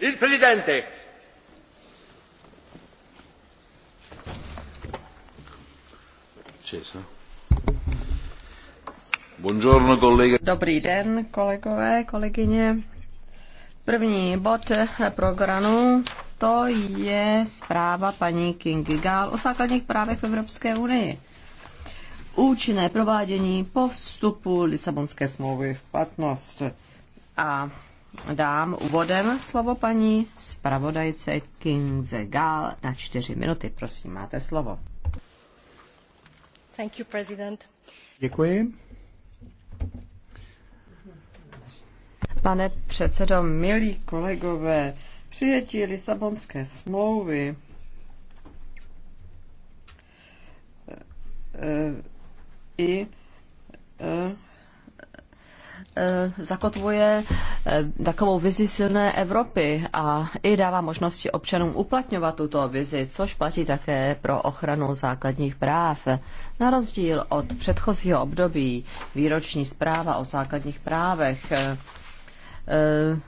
Il Presidente. Dobrý den, kolegové, kolegyně. První bod programu to je zpráva paní Kingy Gál o základních právech v Evropské unii. Účinné provádění po vstupu Lisabonské smlouvy v platnost. A dám úvodem slovo paní zpravodajce Kingze Gál na čtyři minuty. Prosím, máte slovo. Thank you, president. Děkuji. Pane předsedo, milí kolegové, přijetí Lisabonské smlouvy eh, eh, i eh, Eh, zakotvuje eh, takovou vizi silné Evropy a i dává možnosti občanům uplatňovat tuto vizi, což platí také pro ochranu základních práv. Na rozdíl od předchozího období výroční zpráva o základních právech eh, Eh,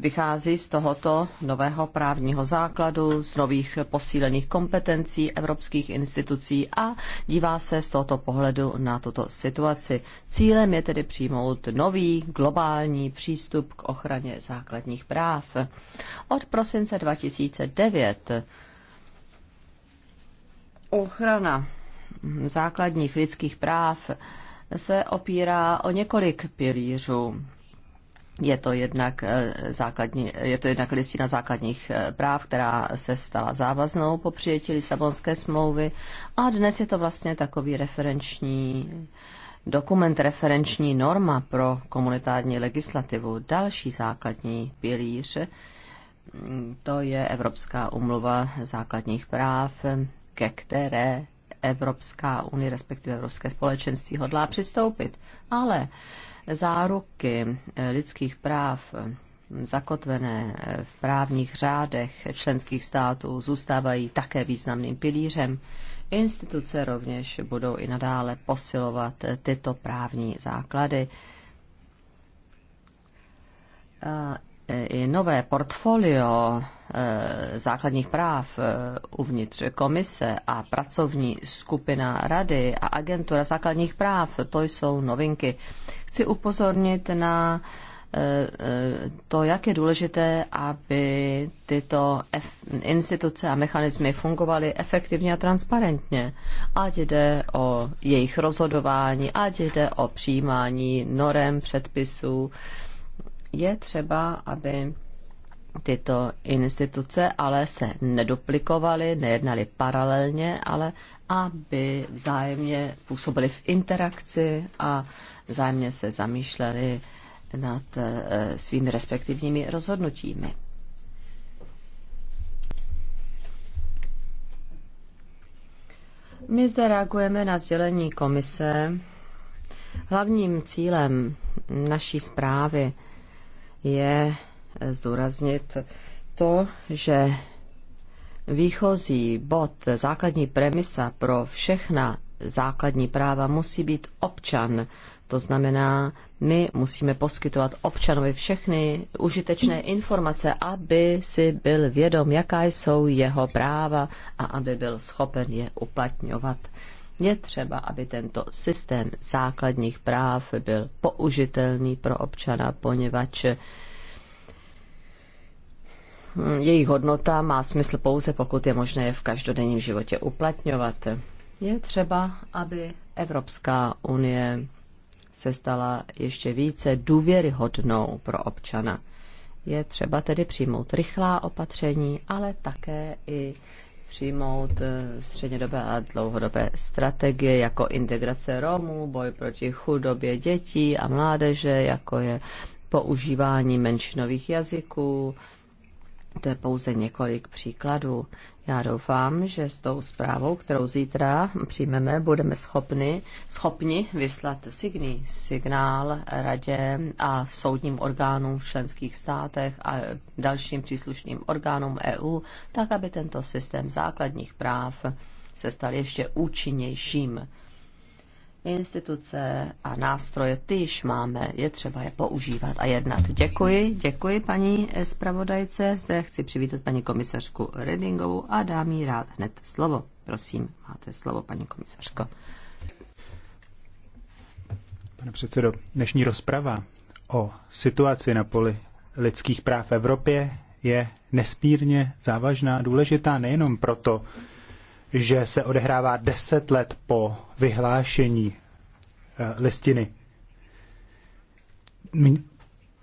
vychází z tohoto nového právního základu, z nových posílených kompetencí evropských institucí a dívá se z tohoto pohledu na tuto situaci. Cílem je tedy přijmout nový globální přístup k ochraně základních práv. Od prosince 2009 ochrana základních lidských práv se opírá o několik pilířů je to, jednak eh, základní, je to jednak listina základních eh, práv, která se stala závaznou po přijetí Lisabonské smlouvy a dnes je to vlastně takový referenční dokument, referenční norma pro komunitární legislativu. Další základní pilíř mm, to je Evropská umluva základních práv, ke které Evropská unie, respektive Evropské společenství hodlá přistoupit. Ale záruky eh, lidských práv eh, zakotvené eh, v právních řádech členských států zůstávají také významným pilířem. Instituce rovněž budou i nadále posilovat tyto právní základy i nové portfolio eh, základních práv eh, uvnitř komise a pracovní skupina rady a agentura základních práv, to jsou novinky. Chci upozornit na eh, to, jak je důležité, aby tyto instituce a mechanismy fungovaly efektivně a transparentně. Ať jde o jejich rozhodování, ať jde o přijímání norem, předpisů, je třeba, aby tyto instituce ale se neduplikovaly, nejednaly paralelně, ale aby vzájemně působily v interakci a vzájemně se zamýšleli nad eh, svými respektivními rozhodnutími. My zde reagujeme na sdělení komise. Hlavním cílem naší zprávy je zdůraznit to, že výchozí bod, základní premisa pro všechna základní práva musí být občan. To znamená, my musíme poskytovat občanovi všechny užitečné informace, aby si byl vědom, jaká jsou jeho práva a aby byl schopen je uplatňovat. Je třeba, aby tento systém základních práv byl použitelný pro občana, poněvadž jejich hodnota má smysl pouze, pokud je možné je v každodenním životě uplatňovat. Je třeba, aby Evropská unie se stala ještě více důvěryhodnou pro občana. Je třeba tedy přijmout rychlá opatření, ale také i přijmout eh, střednědobé a dlouhodobé strategie jako integrace Romů, boj proti chudobě dětí a mládeže, jako je používání menšinových jazyků. To je pouze několik příkladů. Já doufám, že s tou zprávou, kterou zítra přijmeme, budeme schopni, schopni vyslat signí, signál radě a soudním orgánům v členských státech a dalším příslušným orgánům EU, tak aby tento systém základních práv se stal ještě účinnějším instituce a nástroje, ty již máme, je třeba je používat a jednat. Děkuji, děkuji paní zpravodajce. Zde chci přivítat paní komisařku Redingovou a dám jí rád hned slovo. Prosím, máte slovo, paní komisařko. Pane předsedo, dnešní rozprava o situaci na poli lidských práv v Evropě je nespírně závažná důležitá nejenom proto, že se odehrává deset let po vyhlášení eh, listiny,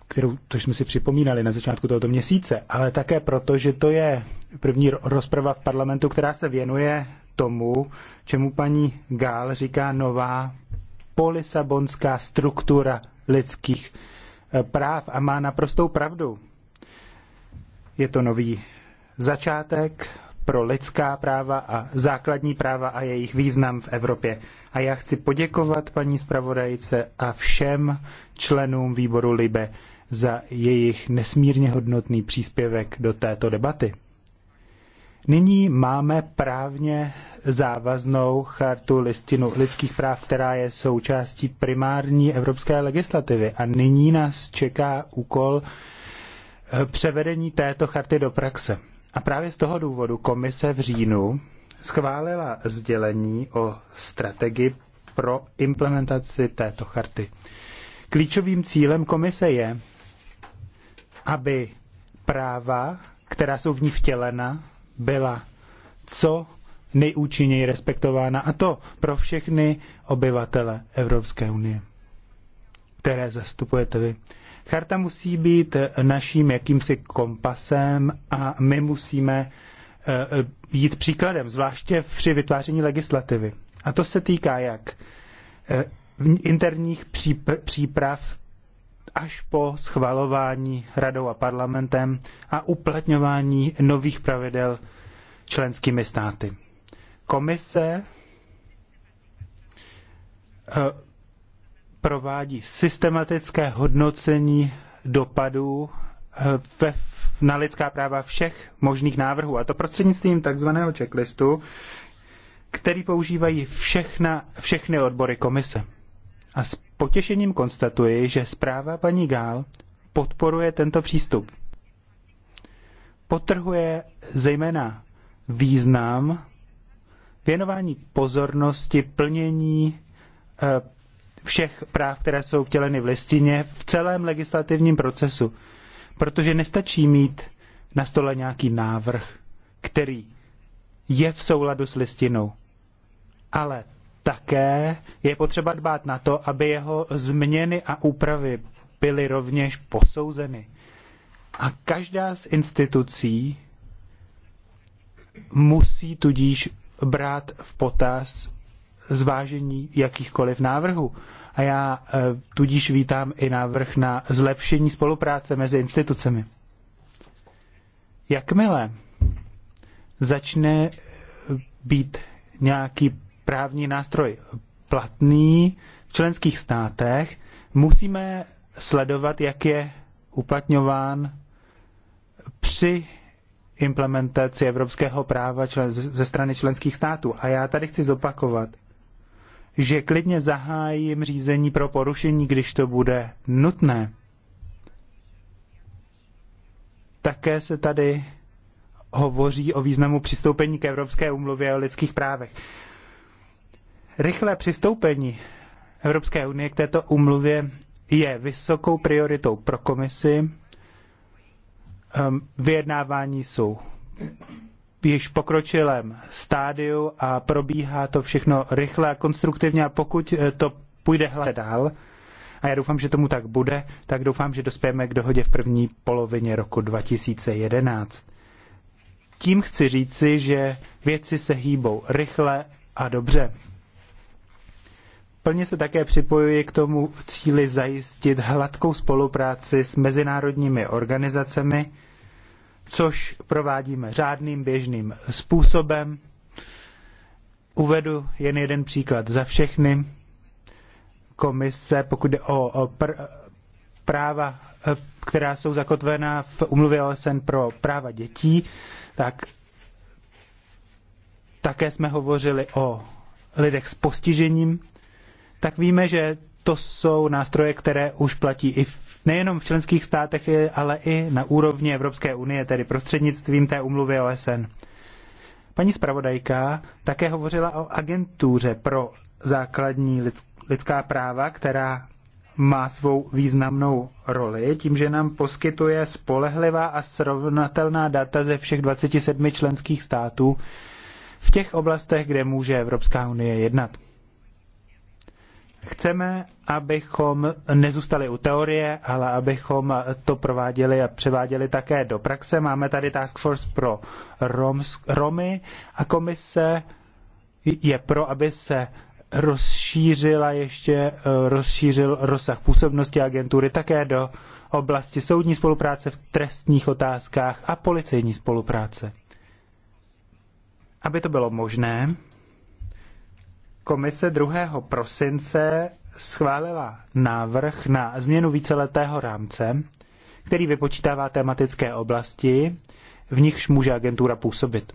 kterou, to jsme si připomínali na začátku tohoto měsíce, ale také proto, že to je první rozprava v parlamentu, která se věnuje tomu, čemu paní Gál říká nová polisabonská struktura lidských eh, práv a má naprostou pravdu. Je to nový začátek, pro lidská práva a základní práva a jejich význam v Evropě. A já chci poděkovat paní zpravodajce a všem členům výboru LIBE za jejich nesmírně hodnotný příspěvek do této debaty. Nyní máme právně závaznou chartu listinu lidských práv, která je součástí primární evropské legislativy. A nyní nás čeká úkol eh, převedení této charty do praxe. A právě z toho důvodu komise v říjnu schválila sdělení o strategii pro implementaci této charty. Klíčovým cílem komise je, aby práva, která jsou v ní vtělena, byla co nejúčinněji respektována, a to pro všechny obyvatele Evropské unie, které zastupujete vy. Charta musí být naším jakýmsi kompasem a my musíme eh, jít příkladem, zvláště při vytváření legislativy. A to se týká jak eh, interních příprav až po schvalování radou a parlamentem a uplatňování nových pravidel členskými státy. Komise eh, provádí systematické hodnocení dopadů eh, ve, na lidská práva všech možných návrhů. A to prostřednictvím takzvaného checklistu, který používají všechna, všechny odbory komise. A s potěšením konstatuji, že zpráva paní Gál podporuje tento přístup. Potrhuje zejména význam věnování pozornosti plnění eh, všech práv, které jsou vtěleny v listině, v celém legislativním procesu. Protože nestačí mít na stole nějaký návrh, který je v souladu s listinou. Ale také je potřeba dbát na to, aby jeho změny a úpravy byly rovněž posouzeny. A každá z institucí musí tudíž brát v potaz zvážení jakýchkoliv návrhů. A já e, tudíž vítám i návrh na zlepšení spolupráce mezi institucemi. Jakmile začne e, být nějaký právní nástroj platný v členských státech, musíme sledovat, jak je uplatňován při implementaci evropského práva člen, ze strany členských států. A já tady chci zopakovat, že klidně zahájím řízení pro porušení, když to bude nutné. Také se tady hovoří o významu přistoupení k Evropské umluvě o lidských právech. Rychlé přistoupení Evropské unie k této umluvě je vysokou prioritou pro komisi. Ehm, vyjednávání jsou již pokročilém stádiu a probíhá to všechno rychle a konstruktivně a pokud eh, to půjde hle dál, a já doufám, že tomu tak bude, tak doufám, že dospějeme k dohodě v první polovině roku 2011. Tím chci říci, že věci se hýbou rychle a dobře. Plně se také připojuji k tomu cíli zajistit hladkou spolupráci s mezinárodními organizacemi, což provádíme řádným běžným způsobem. Uvedu jen jeden příklad za všechny. Komise, pokud jde o, pr- práva, e, která jsou zakotvená v umluvě OSN pro práva dětí, tak také jsme hovořili o lidech s postižením, tak víme, že to jsou nástroje, které už platí i v, nejenom v členských státech, ale i na úrovni Evropské unie, tedy prostřednictvím té umluvy OSN. Paní zpravodajka také hovořila o agentuře pro základní lidská práva, která má svou významnou roli tím, že nám poskytuje spolehlivá a srovnatelná data ze všech 27 členských států v těch oblastech, kde může Evropská unie jednat. Chceme, abychom nezůstali u teorie, ale abychom to prováděli a převáděli také do praxe. Máme tady Task Force pro Roms, Romy a komise je pro, aby se rozšířila ještě, eh, rozšířil rozsah působnosti agentury také do oblasti soudní spolupráce v trestních otázkách a policejní spolupráce. Aby to bylo možné, Komise 2. prosince schválila návrh na změnu víceletého rámce, který vypočítává tematické oblasti, v nichž může agentura působit.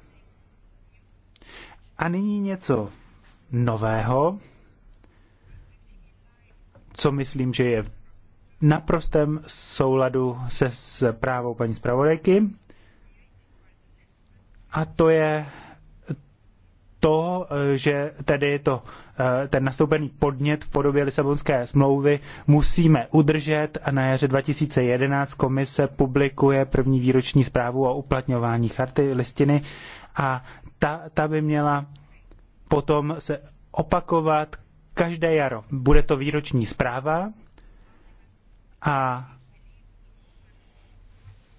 A nyní něco nového, co myslím, že je v naprostém souladu se zprávou paní zpravodajky. A to je to, že tedy to, eh, ten nastoupený podnět v podobě Lisabonské smlouvy musíme udržet a na jaře 2011 komise publikuje první výroční zprávu o uplatňování charty listiny a ta, ta by měla potom se opakovat každé jaro. Bude to výroční zpráva a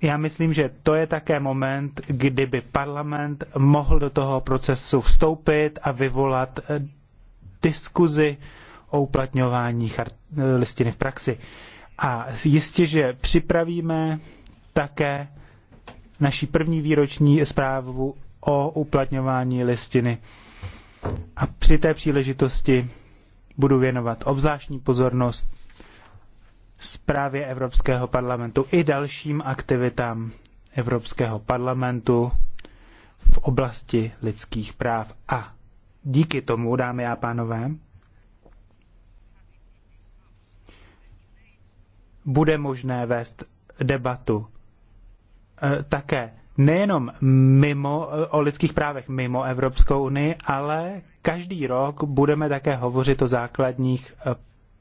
já myslím, že to je také moment, kdyby parlament mohl do toho procesu vstoupit a vyvolat eh, diskuzi o uplatňování eh, listiny v praxi. A jistě, že připravíme také naší první výroční zprávu o uplatňování listiny. A při té příležitosti budu věnovat obzvláštní pozornost zprávě Evropského parlamentu i dalším aktivitám Evropského parlamentu v oblasti lidských práv. A díky tomu, dámy a pánové, bude možné vést debatu eh, také nejenom mimo, eh, o lidských právech mimo Evropskou unii, ale každý rok budeme také hovořit o základních eh,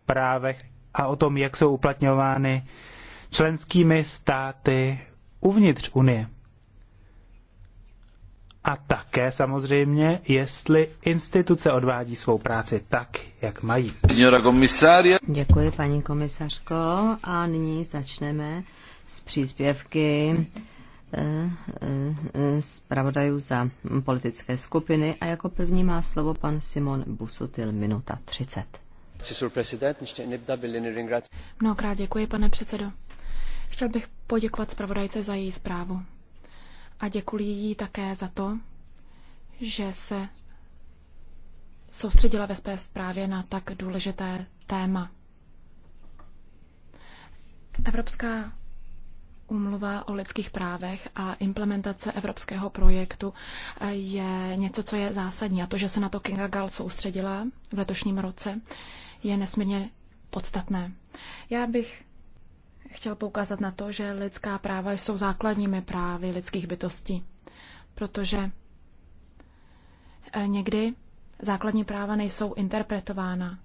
právech a o tom, jak jsou uplatňovány členskými státy uvnitř Unie. A také samozřejmě, jestli instituce odvádí svou práci tak, jak mají. Děkuji, paní komisařko. A nyní začneme s příspěvky eh, eh, zpravodajů za politické skupiny a jako první má slovo pan Simon Busutil, minuta 30. Mnohokrát děkuji, pane předsedo. Chtěl bych poděkovat zpravodajce za její zprávu. A děkuji jí také za to, že se soustředila ve své zprávě na tak důležité téma. Evropská úmluva o lidských právech a implementace evropského projektu je něco, co je zásadní. A to, že se na to Kinga Gál soustředila v letošním roce, je nesmírně podstatné. Já bych chtěl poukázat na to, že lidská práva jsou základními právy lidských bytostí, protože eh, někdy základní práva nejsou interpretována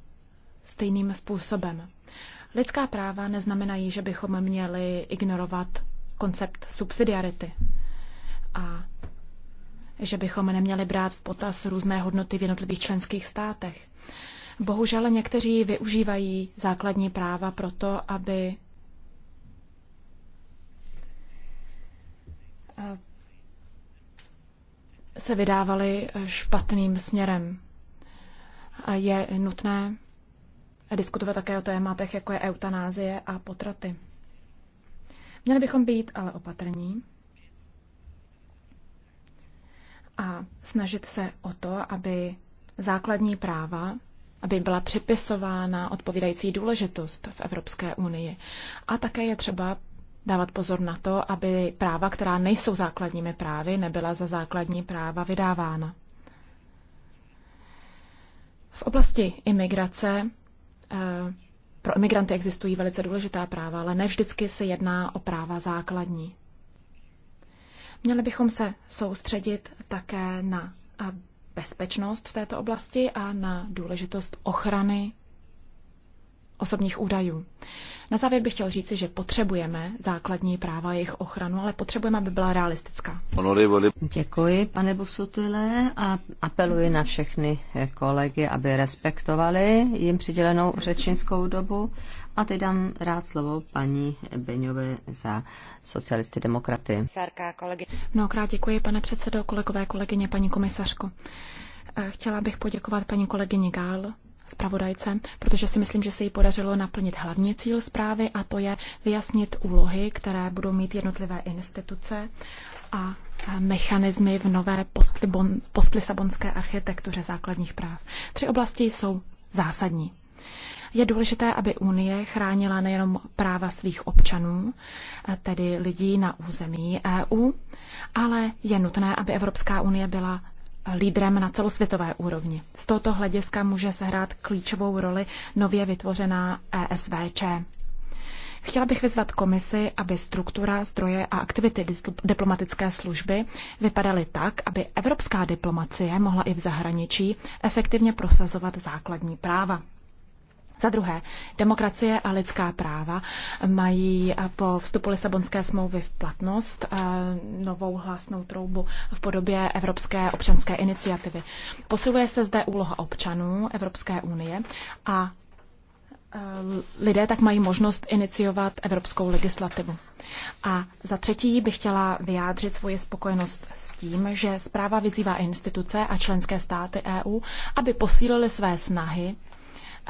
stejným způsobem. Lidská práva neznamenají, že bychom měli ignorovat koncept subsidiarity a že bychom neměli brát v potaz různé hodnoty v jednotlivých členských státech. Bohužel někteří využívají základní práva proto, aby eh, se vydávali eh, špatným směrem. A je nutné diskutovat také o tématech, jako je eutanázie a potraty. Měli bychom být ale opatrní a snažit se o to, aby základní práva aby byla připisována odpovídající důležitost v Evropské unii. A také je třeba dávat pozor na to, aby práva, která nejsou základními právy, nebyla za základní práva vydávána. V oblasti imigrace eh, pro imigranty existují velice důležitá práva, ale nevždycky se jedná o práva základní. Měli bychom se soustředit také na bezpečnost v této oblasti a na důležitost ochrany osobních údajů. Na závěr bych chtěl říci, že potřebujeme základní práva a jejich ochranu, ale potřebujeme, aby byla realistická. Děkuji, pane Busutile, a apeluji na všechny kolegy, aby respektovali jim přidělenou řečnickou dobu. A teď dám rád slovo paní Beňové za socialisty demokraty. Mnohokrát děkuji, pane předsedo, kolegové, kolegyně, paní komisařko. Chtěla bych poděkovat paní kolegyni Gál zpravodajce, protože si myslím, že se jí podařilo naplnit hlavní cíl zprávy a to je vyjasnit úlohy, které budou mít jednotlivé instituce a mechanismy v nové postlisabonské architektuře základních práv. Tři oblasti jsou zásadní. Je důležité, aby Unie chránila nejenom práva svých občanů, tedy lidí na území EU, ale je nutné, aby Evropská unie byla lídrem na celosvětové úrovni. Z tohoto hlediska může sehrát klíčovou roli nově vytvořená ESVČ. Chtěla bych vyzvat komisi, aby struktura, zdroje a aktivity diplomatické služby vypadaly tak, aby evropská diplomacie mohla i v zahraničí efektivně prosazovat základní práva. Za druhé, demokracie a lidská práva mají po vstupu Lisabonské smlouvy v platnost eh, novou hlásnou troubu v podobě Evropské občanské iniciativy. Posiluje se zde úloha občanů Evropské unie a eh, lidé tak mají možnost iniciovat evropskou legislativu. A za třetí bych chtěla vyjádřit svoji spokojenost s tím, že zpráva vyzývá instituce a členské státy EU, aby posílili své snahy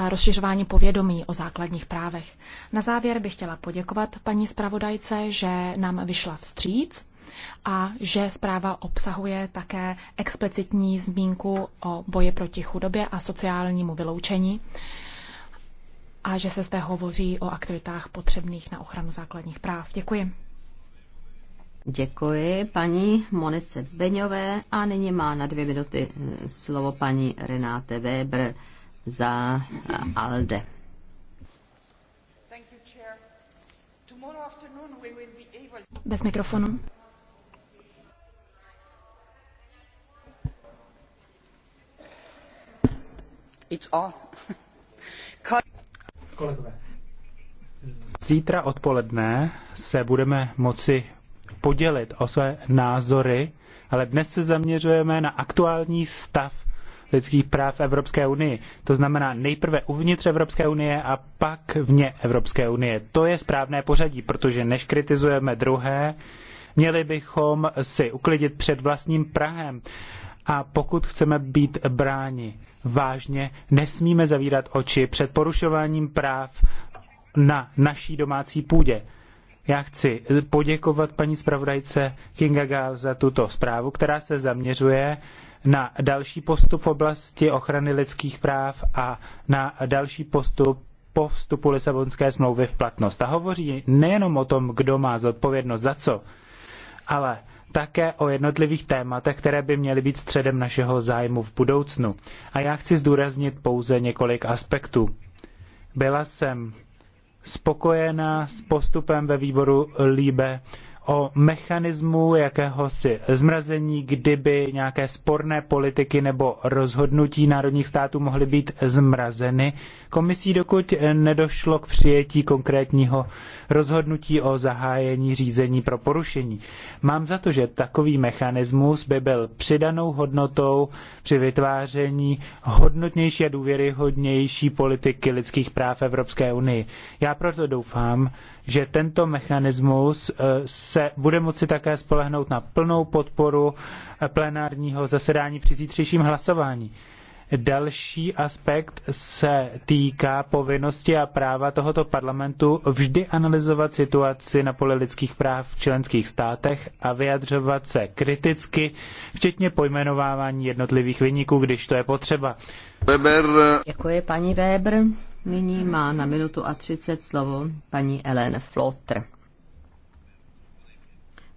rozšiřování povědomí o základních právech. Na závěr bych chtěla poděkovat paní zpravodajce, že nám vyšla vstříc a že zpráva obsahuje také explicitní zmínku o boji proti chudobě a sociálnímu vyloučení a že se zde hovoří o aktivitách potřebných na ochranu základních práv. Děkuji. Děkuji paní Monice Beňové a nyní má na dvě minuty slovo paní Renáte Weber za eh, ALDE. Bez mikrofonu. It's on. Kolegové, zítra odpoledne se budeme moci podělit o své názory, ale dnes se zaměřujeme na aktuální stav lidských práv Evropské unii. To znamená nejprve uvnitř Evropské unie a pak vně Evropské unie. To je správné pořadí, protože než kritizujeme druhé, měli bychom si uklidit před vlastním Prahem. A pokud chceme být bráni vážně, nesmíme zavírat oči před porušováním práv na naší domácí půdě. Já chci poděkovat paní zpravodajce Kinga Gál za tuto zprávu, která se zaměřuje na další postup v oblasti ochrany lidských práv a na další postup po vstupu Lisabonské smlouvy v platnost. A hovoří nejenom o tom, kdo má zodpovědnost za co, ale také o jednotlivých tématech, které by měly být středem našeho zájmu v budoucnu. A já chci zdůraznit pouze několik aspektů. Byla jsem spokojená s postupem ve výboru Líbe o mechanismu jakéhosi zmrazení, kdyby nějaké sporné politiky nebo rozhodnutí národních států mohly být zmrazeny komisí, dokud nedošlo k přijetí konkrétního rozhodnutí o zahájení řízení pro porušení. Mám za to, že takový mechanismus by byl přidanou hodnotou při vytváření hodnotnější a důvěryhodnější politiky lidských práv Evropské unii. Já proto doufám, že tento mechanismus se eh, se bude moci také spolehnout na plnou podporu plenárního zasedání při zítřejším hlasování. Další aspekt se týká povinnosti a práva tohoto parlamentu vždy analyzovat situaci na poli lidských práv v členských státech a vyjadřovat se kriticky, včetně pojmenovávání jednotlivých vyniků, když to je potřeba. Weber. Děkuji, paní Weber. Nyní má na minutu a 30 slovo paní Ellen Flotter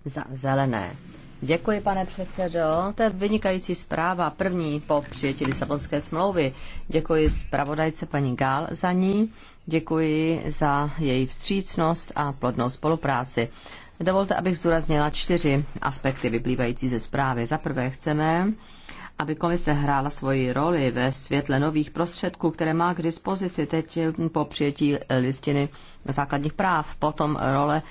za zelené. Děkuji, pane předsedo. To je vynikající zpráva, první po přijetí Lisabonské smlouvy. Děkuji zpravodajce paní Gál za ní. Děkuji za její vstřícnost a plodnou spolupráci. Dovolte, abych zdůraznila čtyři aspekty vyplývající ze zprávy. Za prvé chceme aby komise hrála svoji roli ve světle nových prostředků, které má k dispozici teď po přijetí listiny základních práv, potom role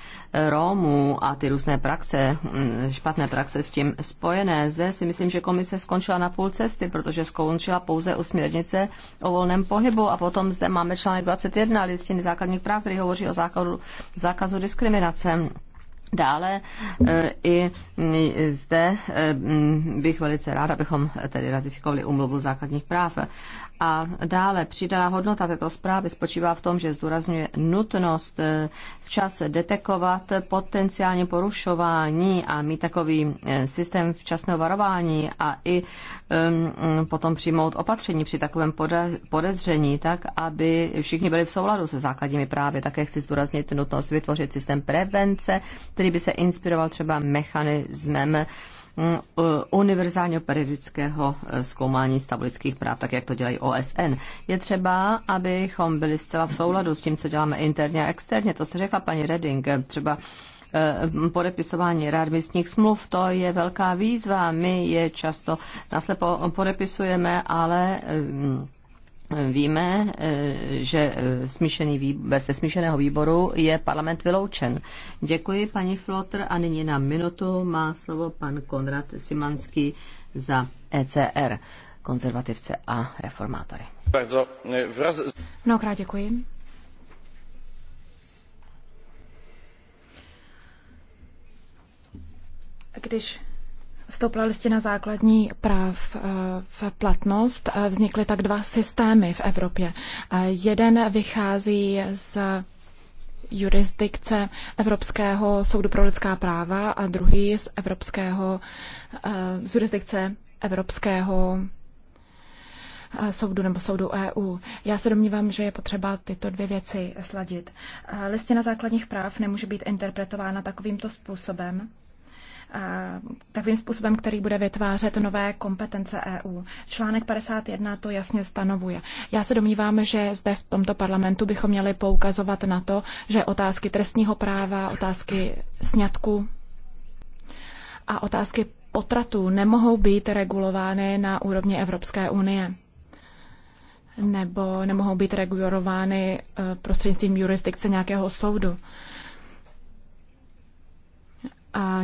Rómů a ty různé praxe, mm, špatné praxe s tím spojené. Zde si myslím, že komise skončila na půl cesty, protože skončila pouze u směrnice o volném pohybu a potom zde máme článek 21 listiny základních práv, který hovoří o zákazu, zákazu diskriminace Dále e, i zde e, bych velice rád, abychom tedy ratifikovali umluvu základních práv. A dále přidaná hodnota této zprávy spočívá v tom, že zdůrazňuje nutnost eh, včas detekovat potenciálně porušování a mít takový eh, systém včasného varování a i um, potom přijmout opatření při takovém podezření, tak aby všichni byli v souladu se základními právy. Také chci zdůraznit nutnost vytvořit systém prevence, který by se inspiroval třeba mechanismem univerzálního periodického eh, zkoumání stavu lidských práv, tak jak to dělají OSN. Je třeba, abychom byli zcela v souladu s tím, co děláme interně a externě. To se řekla paní Reding. Třeba eh, podepisování rádmistních smluv, to je velká výzva. My je často naslepo podepisujeme, ale mm, víme, eh, že eh, smíšený výbor, ze smíšeného výboru je parlament vyloučen. Děkuji, paní Flotr, a nyní na minutu má slovo pan Konrad Simanský za ECR, konzervativce a reformátory. Eh, Mnohokrát děkuji. Když vstoupila listina základní práv eh, v platnost, eh, vznikly tak dva systémy v Evropě. Eh, jeden vychází z jurisdikce Evropského soudu pro lidská práva a druhý z Evropského, z jurisdikce Evropského soudu nebo soudu EU. Já se domnívám, že je potřeba tyto dvě věci sladit. Listina základních práv nemůže být interpretována takovýmto způsobem, takovým způsobem, který bude vytvářet nové kompetence EU. Článek 51 to jasně stanovuje. Já se domnívám, že zde v tomto parlamentu bychom měli poukazovat na to, že otázky trestního práva, otázky sňatku a otázky potratů nemohou být regulovány na úrovni Evropské unie nebo nemohou být regulovány e, prostřednictvím jurisdikce nějakého soudu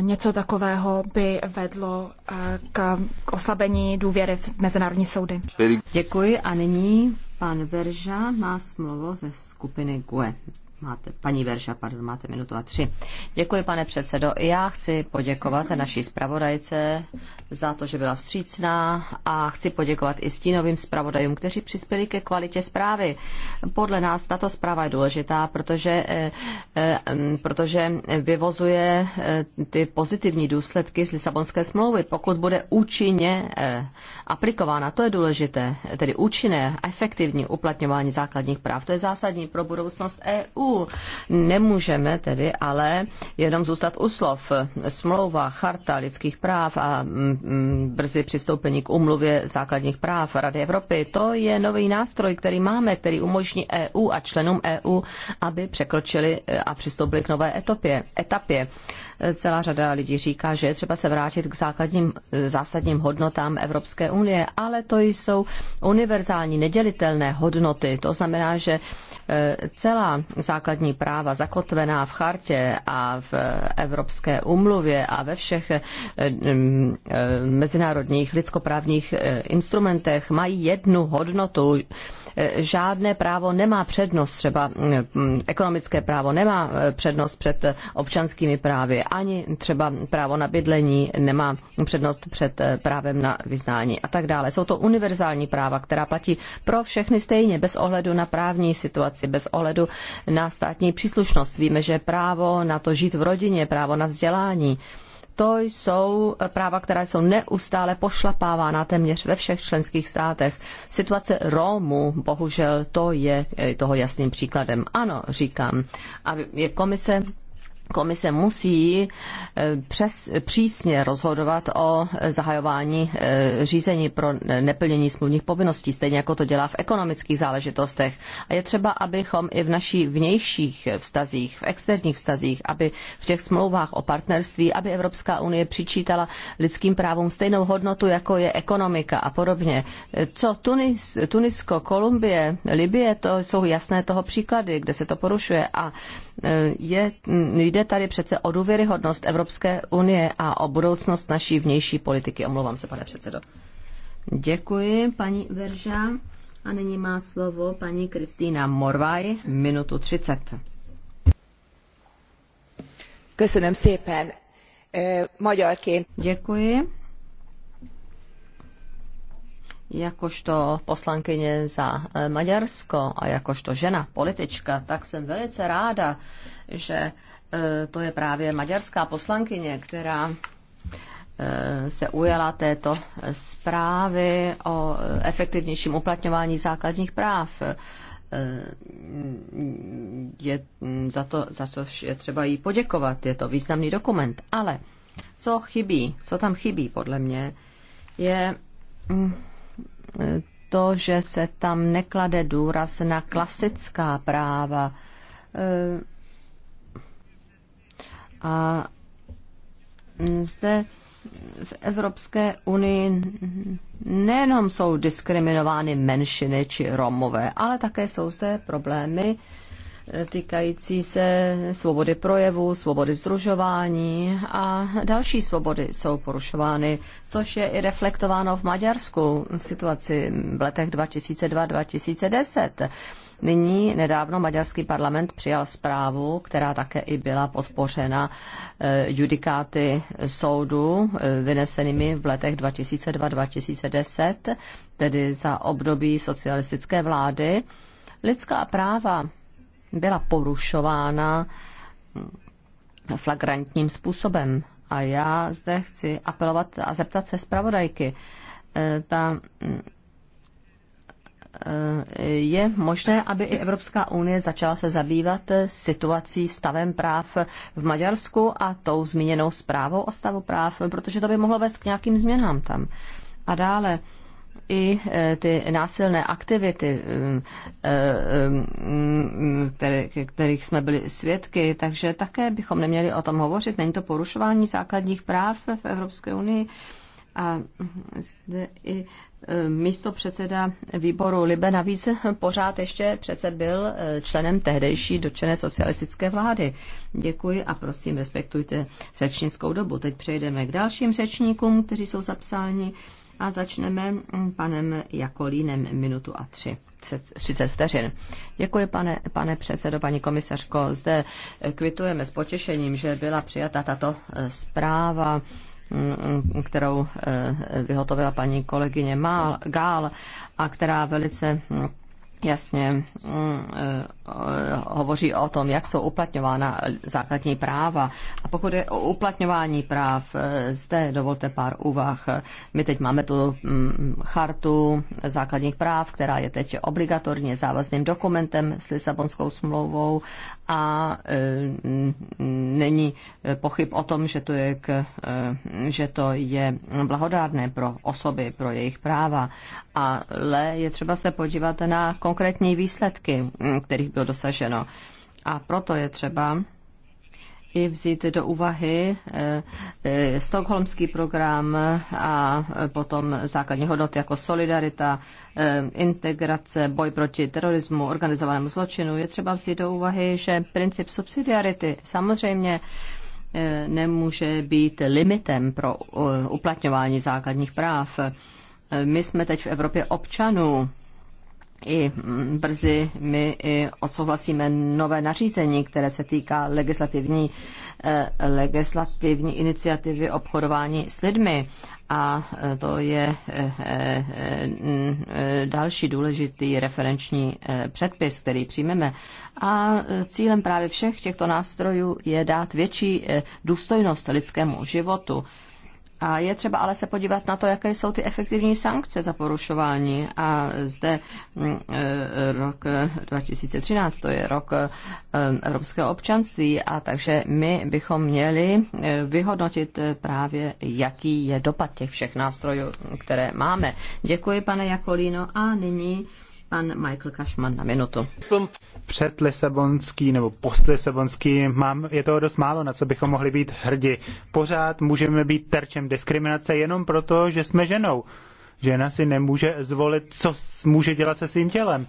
něco takového by vedlo eh, k oslabení důvěry v mezinárodní soudy. Děkuji a nyní pan Verža má smlouvu ze skupiny GUE. Máte, paní Verša, pardon, máte minutu a tři. Děkuji, pane předsedo. Já chci poděkovat naší zpravodajce za to, že byla vstřícná a chci poděkovat i stínovým zpravodajům, kteří přispěli ke kvalitě zprávy. Podle nás tato zpráva je důležitá, protože, eh, eh, protože vyvozuje eh, ty pozitivní důsledky z Lisabonské smlouvy, pokud bude účinně aplikována. To je důležité, tedy účinné, efektivní uplatňování základních práv. To je zásadní pro budoucnost EU EU. Nemůžeme tedy ale jenom zůstat u slov. Smlouva, charta lidských práv a mm, mm, brzy přistoupení k umluvě základních práv Rady Evropy, to je nový nástroj, který máme, který umožní EU a členům EU, aby překročili e, a přistoupili k nové etopě, etapě. Celá řada lidí říká, že je třeba se vrátit k základním, zásadním hodnotám Evropské unie, ale to jsou univerzální, nedělitelné hodnoty. To znamená, že e, celá základní práva zakotvená v chartě a v Evropské umluvě a ve všech e, e, mezinárodních lidskoprávních instrumentech mají jednu hodnotu. Žádné právo nemá přednost, třeba ekonomické právo nemá přednost před občanskými právy ani třeba právo na bydlení nemá přednost před eh, právem na vyznání a tak dále. Jsou to univerzální práva, která platí pro všechny stejně, bez ohledu na právní situaci, bez ohledu na státní příslušnost. Víme, že právo na to žít v rodině, právo na vzdělání, to jsou eh, práva, která jsou neustále pošlapávána téměř ve všech členských státech. Situace romů, bohužel, to je eh, toho jasným příkladem. Ano, říkám, a je komise Komise musí eh, přes, přísně rozhodovat o zahajování eh, řízení pro neplnění smluvních povinností, stejně jako to dělá v ekonomických záležitostech. A je třeba, abychom i v našich vnějších vztazích, v externích vztazích, aby v těch smlouvách o partnerství, aby Evropská unie přičítala lidským právům stejnou hodnotu, jako je ekonomika a podobně. Co Tunis, Tunisko, Kolumbie, Libie, to jsou jasné toho příklady, kde se to porušuje. A Eh, je, hm, jde tady přece o důvěryhodnost Evropské unie a o budoucnost naší vnější politiky. Omlouvám se, pane předsedo. Děkuji, paní Verža. A nyní má slovo paní Kristýna Morvaj, minutu 30. Köszönöm szépen. Eh, magyarként. Děkuji jakožto poslankyně za eh, Maďarsko a jakožto žena politička, tak jsem velice ráda, že eh, to je právě maďarská poslankyně, která eh, se ujela této zprávy o efektivnějším uplatňování základních práv. Je za to, za co je třeba jí poděkovat, je to významný dokument. Ale co chybí, co tam chybí podle mě, je mm, to, že se tam neklade důraz na klasická práva. A zde v Evropské unii nejenom jsou diskriminovány menšiny či Romové, ale také jsou zde problémy týkající se svobody projevu, svobody združování a další svobody jsou porušovány, což je i reflektováno v Maďarsku v situaci v letech 2002-2010. Nyní nedávno maďarský parlament přijal zprávu, která také i byla podpořena eh, judikáty soudu eh, vynesenými v letech 2002-2010, tedy za období socialistické vlády. Lidská práva byla porušována flagrantním způsobem. A já zde chci apelovat a zeptat se zpravodajky. E, ta e, je možné, aby i Evropská unie začala se zabývat situací stavem práv v Maďarsku a tou zmíněnou zprávou o stavu práv, protože to by mohlo vést k nějakým změnám tam. A dále i e, ty násilné aktivity, e, e, kterých jsme byli svědky, takže také bychom neměli o tom hovořit. Není to porušování základních práv v Evropské unii. A zde i místo předseda výboru Libe navíc pořád ještě přece byl členem tehdejší dočené socialistické vlády. Děkuji a prosím respektujte řečnickou dobu. Teď přejdeme k dalším řečníkům, kteří jsou zapsáni a začneme mm, panem Jakolínem minutu a tři. 30 vteřin. Děkuji, pane, pane předsedo, paní komisařko. Zde eh, kvitujeme s potěšením, že byla přijata tato eh, zpráva mm, mm, kterou eh, vyhotovila paní kolegyně Gál a která velice jasně mm, eh, hovoří o tom, jak jsou uplatňována základní práva. A pokud je o uplatňování práv, eh, zde dovolte pár úvah. My teď máme tu mm, chartu základních práv, která je teď obligatorně závazným dokumentem s Lisabonskou smlouvou a e, není pochyb o tom, že to, je k, e, že to je blahodárné pro osoby, pro jejich práva. Ale je třeba se podívat na konkrétní výsledky, kterých bylo dosaženo. A proto je třeba i vzít do úvahy eh, eh, stokholmský program a potom základní hodnoty jako solidarita, eh, integrace, boj proti terorismu, organizovanému zločinu. Je třeba vzít do úvahy, že princip subsidiarity samozřejmě nemůže být limitem pro uplatňování základních práv. My jsme teď v Evropě občanů, i brzy my i odsouhlasíme nové nařízení, které se týká legislativní, eh, legislativní iniciativy obchodování s lidmi. A eh, to je eh, další důležitý referenční předpis, který přijmeme. A cílem právě všech těchto nástrojů je dát větší důstojnost lidskému životu a je třeba ale se podívat na to, jaké jsou ty efektivní sankce za porušování. A zde mm, e, rok 2013, e, to je rok e, evropského občanství, a takže my bychom měli vyhodnotit právě, jaký je dopad těch všech nástrojů, které máme. Děkuji, pane Jakolíno, a nyní pan Michael Cashman na minutu. Před Lisabonský nebo post Lisabonský mám, je toho dost málo, na co bychom mohli být hrdi. Pořád můžeme být terčem diskriminace jenom proto, že jsme ženou. Žena si nemůže zvolit, co může dělat se svým tělem.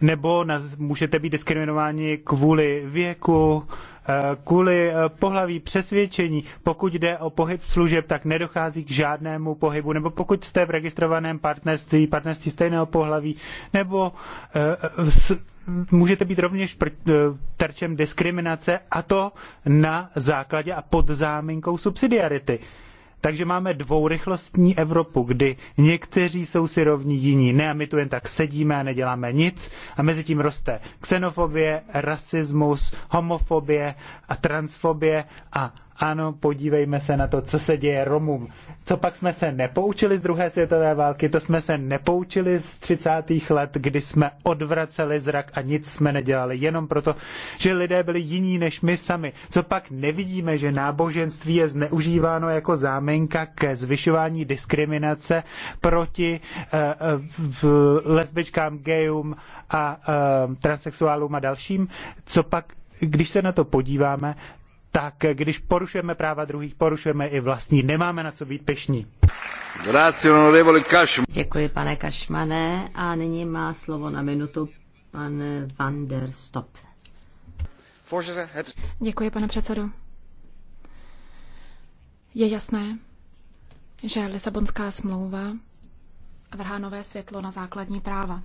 Nebo na, můžete být diskriminováni kvůli věku, Eh, kvůli eh, pohlaví přesvědčení, pokud jde o pohyb služeb, tak nedochází k žádnému pohybu, nebo pokud jste v registrovaném partnerství, partnerství stejného pohlaví, nebo eh, můžete být rovněž terčem diskriminace a to na základě a pod záminkou subsidiarity. Takže máme dvourychlostní Evropu, kdy někteří jsou si rovní, jiní ne a my tu jen tak sedíme a neděláme nic a mezi tím roste xenofobie, rasismus, homofobie a transfobie a ano, podívejme se na to, co se děje Romům. Co pak jsme se nepoučili z druhé světové války, to jsme se nepoučili z 30. let, kdy jsme odvraceli zrak a nic jsme nedělali, jenom proto, že lidé byli jiní než my sami. Co pak nevidíme, že náboženství je zneužíváno jako zámenka ke zvyšování diskriminace proti uh, lesbičkám, gejům a uh, transexuálům a dalším. Co pak když se na to podíváme, tak když porušujeme práva druhých, porušujeme i vlastní. Nemáme na co být pešní. Děkuji, pane Kašmané. A nyní má slovo na minutu pan Van der Stop. Děkuji, pane předsedo. Je jasné, že Lisabonská smlouva vrhá nové světlo na základní práva.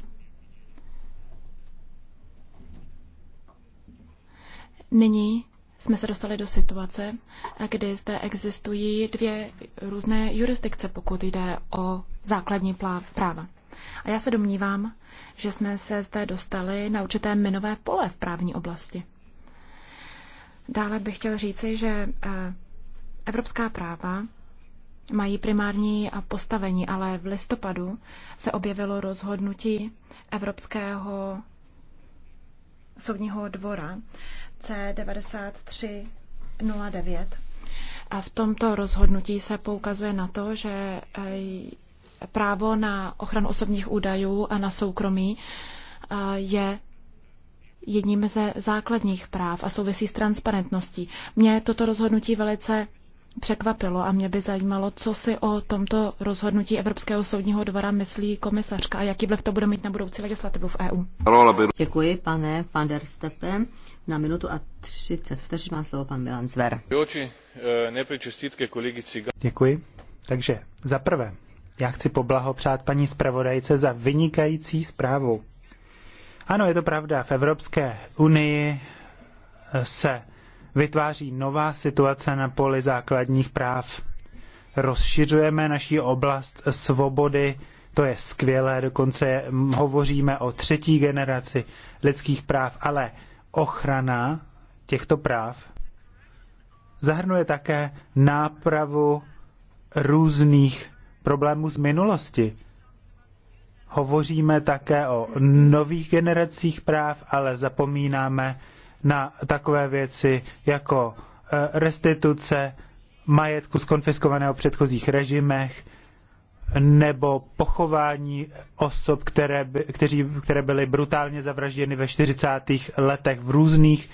Nyní jsme se dostali do situace, kdy zde existují dvě různé jurisdikce, pokud jde o základní práva. A já se domnívám, že jsme se zde dostali na určité minové pole v právní oblasti. Dále bych chtěl říci, že eh, evropská práva mají primární postavení, ale v listopadu se objevilo rozhodnutí Evropského soudního dvora, C9309. A v tomto rozhodnutí se poukazuje na to, že eh, právo na ochranu osobních údajů a na soukromí eh, je jedním ze základních práv a souvisí s transparentností. Mě toto rozhodnutí velice překvapilo a mě by zajímalo, co si o tomto rozhodnutí Evropského soudního dvora myslí komisařka a jaký vliv to bude mít na budoucí legislativu v EU. Děkuji, pane van der Steppe. Na minutu a 30 vteřin má slovo pan Milan Zver. Děkuji. Takže za prvé, já chci poblahopřát paní zpravodajce za vynikající zprávu. Ano, je to pravda, v Evropské unii se vytváří nová situace na poli základních práv. Rozšiřujeme naši oblast svobody, to je skvělé, dokonce hovoříme o třetí generaci lidských práv, ale ochrana těchto práv zahrnuje také nápravu různých problémů z minulosti. Hovoříme také o nových generacích práv, ale zapomínáme na takové věci jako eh, restituce majetku skonfiskovaného v předchozích režimech nebo pochování osob, které, by, kteří, které byly brutálně zavražděny ve 40. letech v různých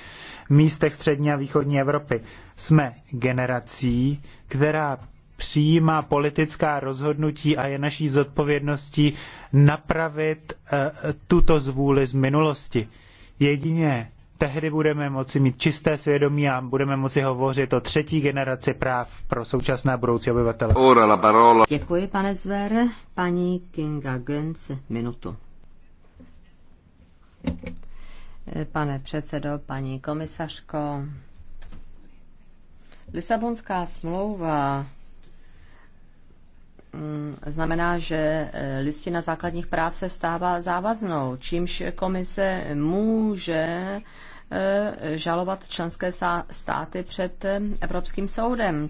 místech střední a východní Evropy. Jsme generací, která přijímá politická rozhodnutí a je naší zodpovědností napravit eh, tuto zvůli z minulosti. Jedině tehdy budeme moci mít čisté svědomí a budeme moci hovořit o třetí generaci práv pro současné a budoucí obyvatele. Děkuji, pane Zver. Paní Kinga Gönc, minutu. Pane předsedo, paní komisařko, Lisabonská smlouva Mm, znamená, že eh, listina základních práv se stává závaznou, čímž komise může eh, žalovat členské státy před eh, Evropským soudem.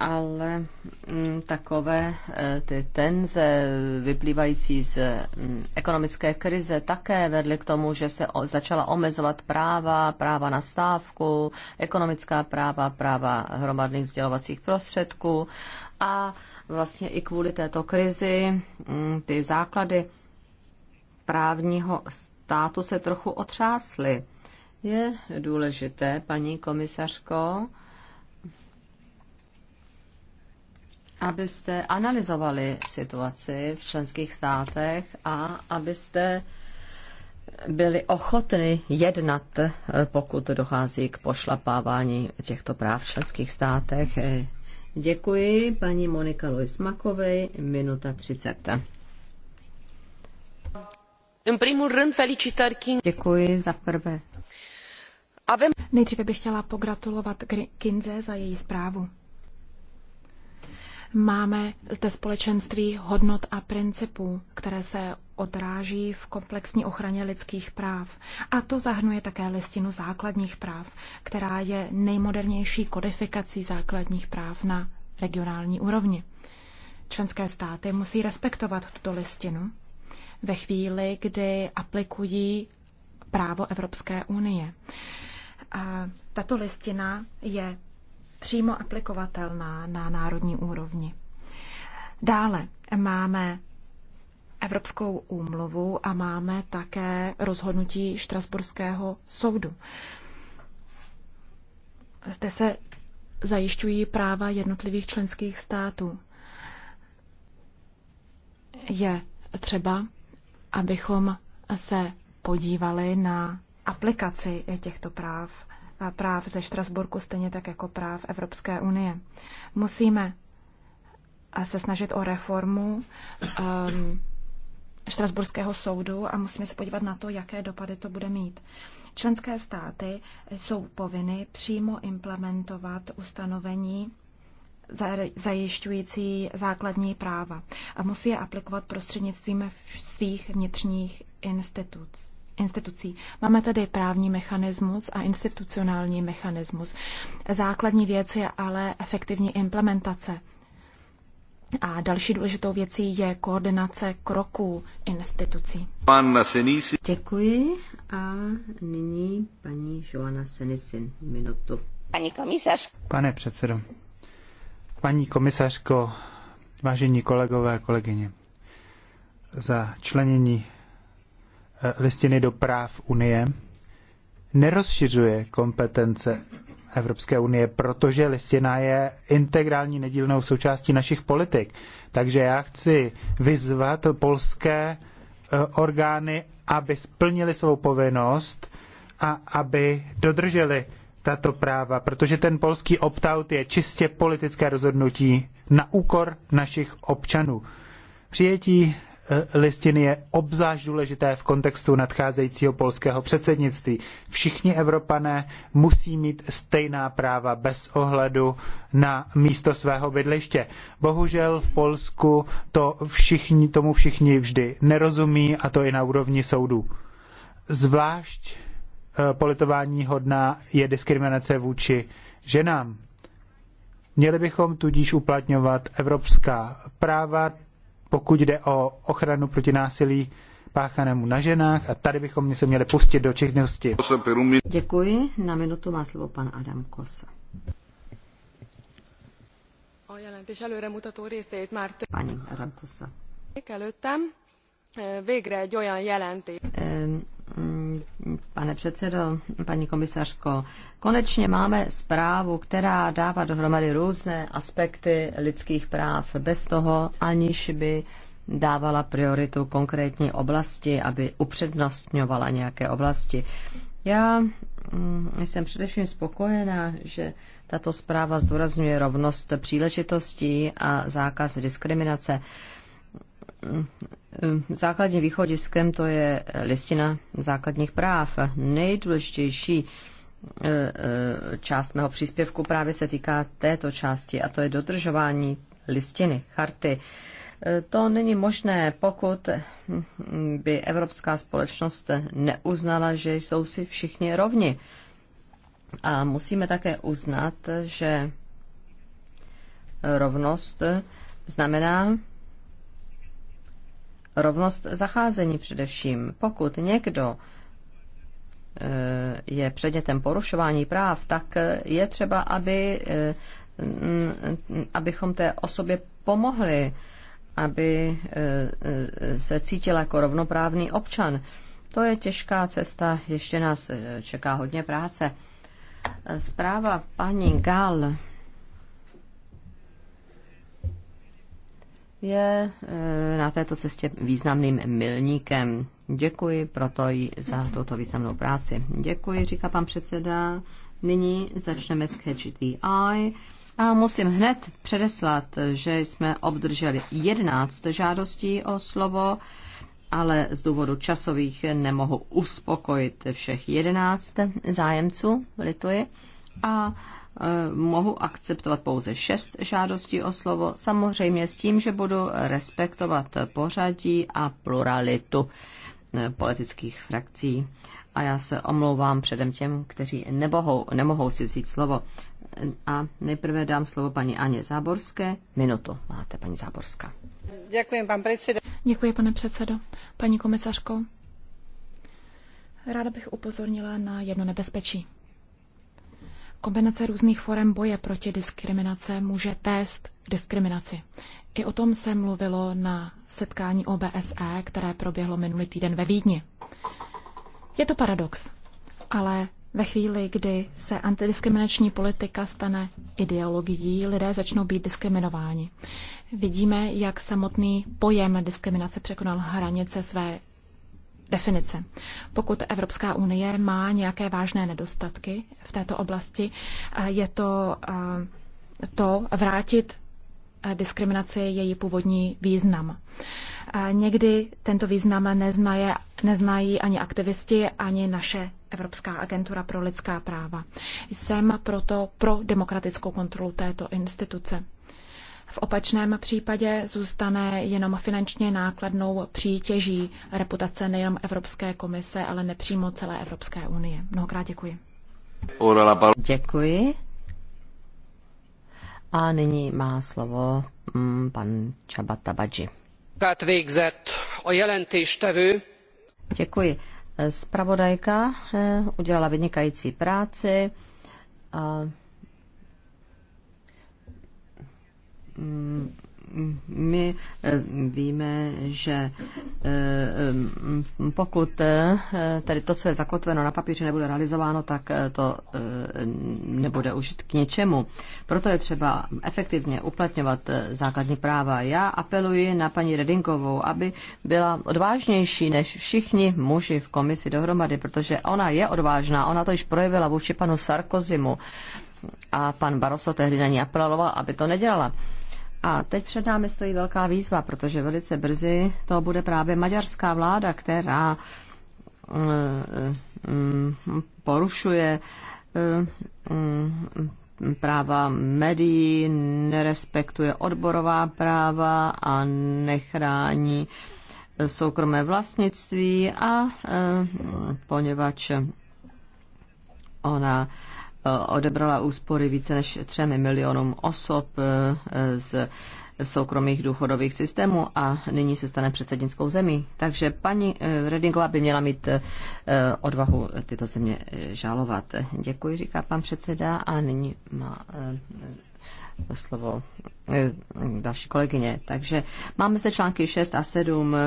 Ale mm, takové ty tenze vyplývající z mm, ekonomické krize také vedly k tomu, že se začala omezovat práva, práva na stávku, ekonomická práva, práva hromadných sdělovacích prostředků a vlastně i kvůli této krizi mm, ty základy právního státu se trochu otřásly. Je důležité, paní komisařko, abyste analyzovali situaci v členských státech a abyste byli ochotny jednat, eh, pokud dochází k pošlapávání těchto práv v členských státech. Děkuji paní Monika Lojsmakovej, minuta 30. În primul rând, felicitări King. Děkuji za prvé. Avem... Nejdříve bych chtěla pogratulovat Kinze za její zprávu. Máme zde společenství hodnot a principů, které se odráží v komplexní ochraně lidských práv. A to zahrnuje také listinu základních práv, která je nejmodernější kodifikací základních práv na regionální úrovni. Členské státy musí respektovat tuto listinu ve chvíli, kdy aplikují právo Evropské unie. A tato listina je přímo aplikovatelná na národní úrovni. Dále máme Evropskou úmluvu a máme také rozhodnutí Štrasburského soudu. Zde se zajišťují práva jednotlivých členských států. Je třeba, abychom se podívali na aplikaci těchto práv, práv ze Štrasburku, stejně tak jako práv Evropské unie. Musíme se snažit o reformu um, Štrasburského soudu a musíme se podívat na to, jaké dopady to bude mít. Členské státy jsou povinny přímo implementovat ustanovení zajišťující základní práva a musí je aplikovat prostřednictvím svých vnitřních institucí institucí. Máme tedy právní mechanismus a institucionální mechanismus. Základní věc je ale efektivní implementace a další důležitou věcí je koordinace kroků institucí. Pana Senisi. Děkuji a nyní paní Joana Senisin, minutu. Paní komisař. Pane předsedo, paní komisařko, vážení kolegové a kolegyně, za členění eh, listiny do práv Unie nerozšiřuje kompetence Evropské unie, protože listina je integrální nedílnou součástí našich politik. Takže já chci vyzvat polské eh, orgány, aby splnili svou povinnost a aby dodrželi tato práva, protože ten polský opt-out je čistě politické rozhodnutí na úkor našich občanů. Přijetí Eh, listiny je obzvlášť důležité v kontextu nadcházejícího polského předsednictví. Všichni Evropané musí mít stejná práva bez ohledu na místo svého bydliště. Bohužel v Polsku to všichni, tomu všichni vždy nerozumí a to i na úrovni soudů. Zvlášť eh, politování hodná je diskriminace vůči ženám. Měli bychom tudíž uplatňovat evropská práva pokud jde o ochranu proti násilí páchanému na ženách a tady bychom se měli pustit do činnosti. Děkuji. Na minutu má slovo pan Adam Kosa. Pani Adam Kosa. Eh, végre egy olyan jelentés pane předsedo, paní komisařko. Konečně máme zprávu, která dává dohromady různé aspekty lidských práv bez toho, aniž by dávala prioritu konkrétní oblasti, aby upřednostňovala nějaké oblasti. Já mm, jsem především spokojená, že tato zpráva zdůrazňuje rovnost příležitostí a zákaz diskriminace. Eh, základním východiskem to je eh, listina základních práv. Nejdůležitější eh, část mého příspěvku právě se týká této části a to je dodržování listiny, charty. To není možné, pokud hm, by evropská společnost neuznala, že jsou si všichni rovni. A musíme také uznat, že rovnost znamená rovnost zacházení především. Pokud někdo eh, je předmětem porušování práv, tak eh, je třeba, aby, eh, abychom té osobě pomohli, aby se cítila jako rovnoprávný občan. To je těžká cesta, ještě nás čeká hodně práce. Zpráva paní Gal je eh, na této cestě významným milníkem. Děkuji proto i za tuto významnou práci. Děkuji, říká pan předseda. Nyní začneme s KGTI. A musím hned předeslat, že jsme obdrželi 11 žádostí o slovo, ale z důvodu časových nemohu uspokojit všech 11 zájemců, lituji. A Eh, mohu akceptovat pouze šest žádostí o slovo, samozřejmě s tím, že budu respektovat pořadí a pluralitu eh, politických frakcí. A já se omlouvám předem těm, kteří nebohou, nemohou si vzít slovo. Eh, a nejprve dám slovo paní Aně Záborské. Minutu máte, paní Záborská. Děkuji, pan předsedo. Děkuji, pane předsedo. Paní komisařko, ráda bych upozornila na jedno nebezpečí. Kombinace různých forem boje proti diskriminace může pést k diskriminaci. I o tom se mluvilo na setkání OBSE, které proběhlo minulý týden ve Vídni. Je to paradox, ale ve chvíli, kdy se antidiskriminační politika stane ideologií, lidé začnou být diskriminováni. Vidíme, jak samotný pojem diskriminace překonal hranice své definice. Pokud Evropská unie má nějaké vážné nedostatky v této oblasti, eh, je to eh, to vrátit eh, diskriminaci její původní význam. Někdy tento význam neznaje, neznají ani aktivisti, ani naše Evropská agentura pro lidská práva. Jsem proto pro demokratickou kontrolu této instituce. V opačném případě zůstane jenom finančně nákladnou přítěží reputace nejen Evropské komise, ale nepřímo celé Evropské unie. Mnohokrát děkuji. Děkuji. A nyní má slovo mm, pan Čabata Badži. Děkuji. Spravodajka eh, udělala vynikající práci. my eh, víme, že eh, pokud eh, tady to, co je zakotveno na papíře, nebude realizováno, tak to nebude už k ničemu. Proto je třeba efektivně uplatňovat základní práva. Já apeluji na paní Redinkovou, aby byla odvážnější než všichni muži v komisi dohromady, protože ona je odvážná, ona to již projevila vůči panu Sarkozimu a pan Baroso tehdy na ní apeloval, aby to nedělala. A teď před námi stojí velká výzva, protože velice brzy to bude právě maďarská vláda, která eh, eh, mm, porušuje eh, mm, práva médií, nerespektuje odborová práva a nechrání soukromé vlastnictví a mm, poněvadž ona Eh, odebrala úspory více než 3 milionům osob eh, z soukromých důchodových systémů a nyní se stane předsednickou zemí. Takže paní eh, Redingová by měla mít odvahu tyto země žalovat. Děkuji, říká pan předseda a nyní má slovo eh, další kolegyně. Takže máme se články 6 a 7 eh,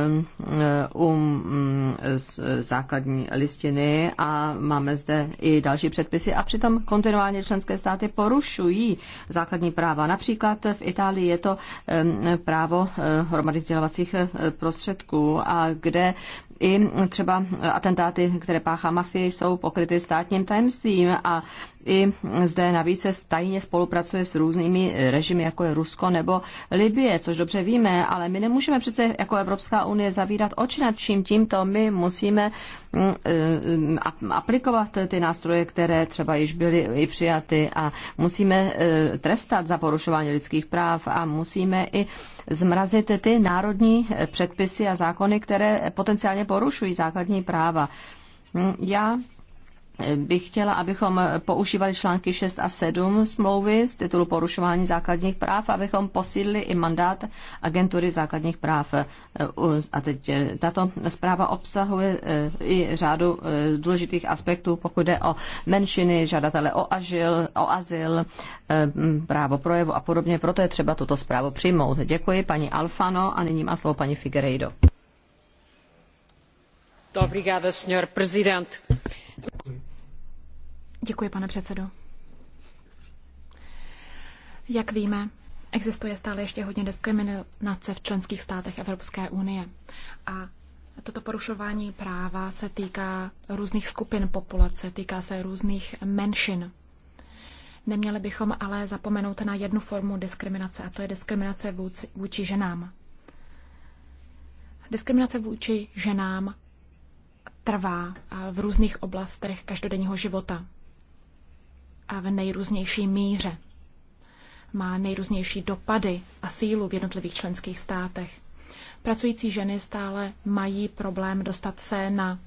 um, mm, z základní listiny a máme zde i další předpisy a přitom kontinuálně členské státy porušují základní práva. Například v Itálii je to eh, právo hromady sdělovacích prostředků a kde i třeba atentáty, které páchá mafie, jsou pokryty státním tajemstvím a i zde navíc se tajně spolupracuje s různými režimy, jako je Rusko nebo Libie, což dobře víme, ale my nemůžeme přece jako Evropská unie zavírat oči nad vším tímto. My musíme mm, mm, aplikovat ty nástroje, které třeba již byly i přijaty a musíme e, trestat za porušování lidských práv a musíme i zmrazit ty národní předpisy a zákony, které potenciálně porušují základní práva. Mm, já bych chtěla, abychom používali články 6 a 7 smlouvy z titulu porušování základních práv, abychom posílili i mandát agentury základních práv. A teď eh, tato zpráva obsahuje eh, i řádu eh, důležitých aspektů, pokud jde o menšiny, žadatele o, ažil, o azyl, právo projevu a podobně. Proto je třeba tuto zprávu přijmout. Děkuji paní Alfano a nyní má slovo paní Figueiredo. Obrigada, senhor presidente. Děkuji. Děkuji, pane předsedo. Jak víme, existuje stále ještě hodně diskriminace v členských státech Evropské unie. A toto porušování práva se týká různých skupin populace, týká se různých menšin. Neměli bychom ale zapomenout na jednu formu diskriminace, a to je diskriminace vůči, vůči ženám. Diskriminace vůči ženám trvá v různých oblastech každodenního života a v nejrůznější míře. Má nejrůznější dopady a sílu v jednotlivých členských státech. Pracující ženy stále mají problém dostat se na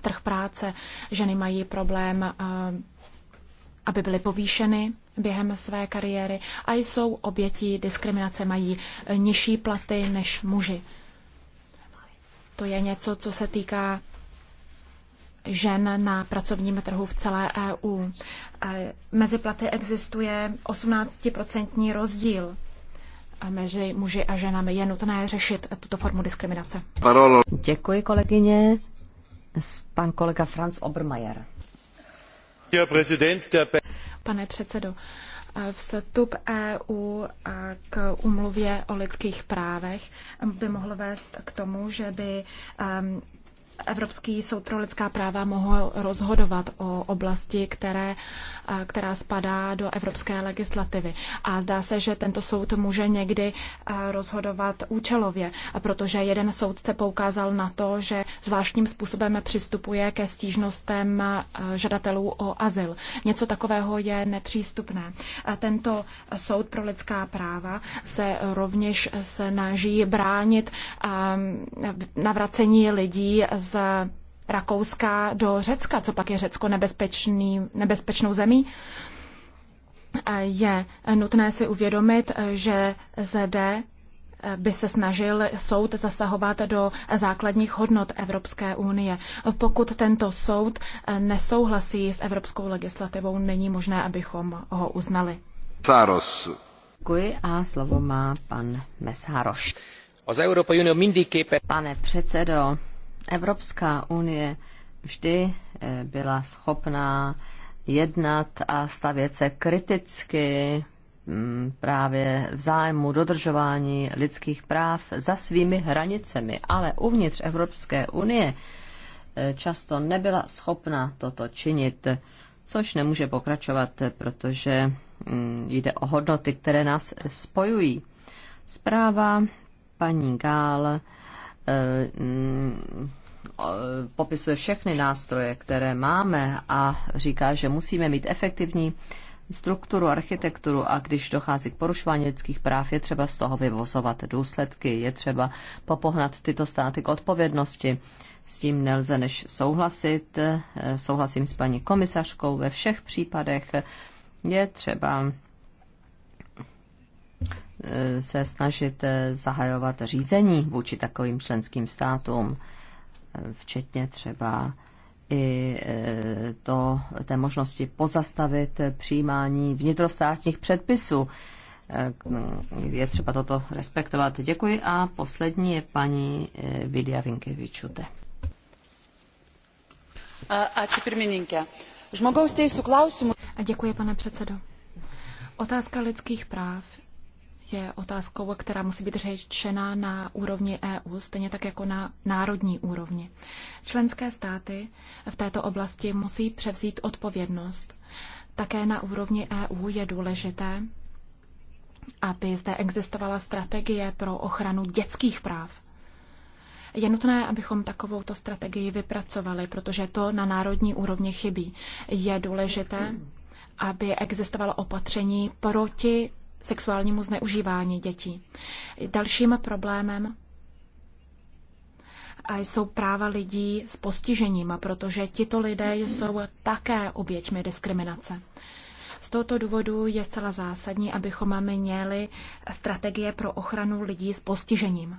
trh práce. Ženy mají problém, eh, aby byly povýšeny během své kariéry a jsou obětí diskriminace, mají nižší platy než muži. To je něco, co se týká žen na pracovním trhu v celé EU. E, mezi platy existuje 18% rozdíl mezi muži a ženami. Je nutné řešit tuto formu diskriminace. Parolo. Děkuji kolegyně. Pan kolega Franz Obermeier. Pane předsedo, vstup EU k umluvě o lidských právech by mohl vést k tomu, že by um, Evropský soud pro lidská práva mohl rozhodovat o oblasti, které, která spadá do evropské legislativy. A zdá se, že tento soud může někdy rozhodovat účelově, protože jeden soudce poukázal na to, že zvláštním způsobem přistupuje ke stížnostem žadatelů o azyl. Něco takového je nepřístupné. Tento soud pro lidská práva se rovněž snaží bránit navracení lidí z z Rakouska do Řecka, co pak je Řecko nebezpečný, nebezpečnou zemí, je nutné si uvědomit, že zde by se snažil soud zasahovat do základních hodnot Evropské unie. Pokud tento soud nesouhlasí s evropskou legislativou, není možné, abychom ho uznali. Sáros. Děkuji a slovo má pan Mesároš. Pane předsedo, Evropská unie vždy eh, byla schopná jednat a stavět se kriticky mm, právě v zájmu dodržování lidských práv za svými hranicemi, ale uvnitř Evropské unie eh, často nebyla schopna toto činit, což nemůže pokračovat, protože mm, jde o hodnoty, které nás spojují. Zpráva paní Gál Eh, mm, popisuje všechny nástroje, které máme a říká, že musíme mít efektivní strukturu, architekturu a když dochází k porušování lidských práv, je třeba z toho vyvozovat důsledky, je třeba popohnat tyto státy k odpovědnosti. S tím nelze než souhlasit. Eh, souhlasím s paní komisařkou ve všech případech. Je třeba se snažit eh, zahajovat řízení vůči takovým členským státům, eh, včetně třeba i eh, to, té možnosti pozastavit přijímání vnitrostátních předpisů. Je třeba toto respektovat. Děkuji a poslední je paní Vidia Vinkevičute. Ačiū pirmininkė. Žmogaus teisų klausimų. Děkuji, pane předsedo. Otázka lidských práv je otázkou, která musí být řečena na úrovni EU, stejně tak jako na národní úrovni. Členské státy v této oblasti musí převzít odpovědnost. Také na úrovni EU je důležité, aby zde existovala strategie pro ochranu dětských práv. Je nutné, abychom takovouto strategii vypracovali, protože to na národní úrovni chybí. Je důležité, aby existovalo opatření proti sexuálnímu zneužívání dětí. Dalším problémem jsou práva lidí s postižením, protože tito lidé jsou také oběťmi diskriminace. Z tohoto důvodu je zcela zásadní, abychom měli strategie pro ochranu lidí s postižením.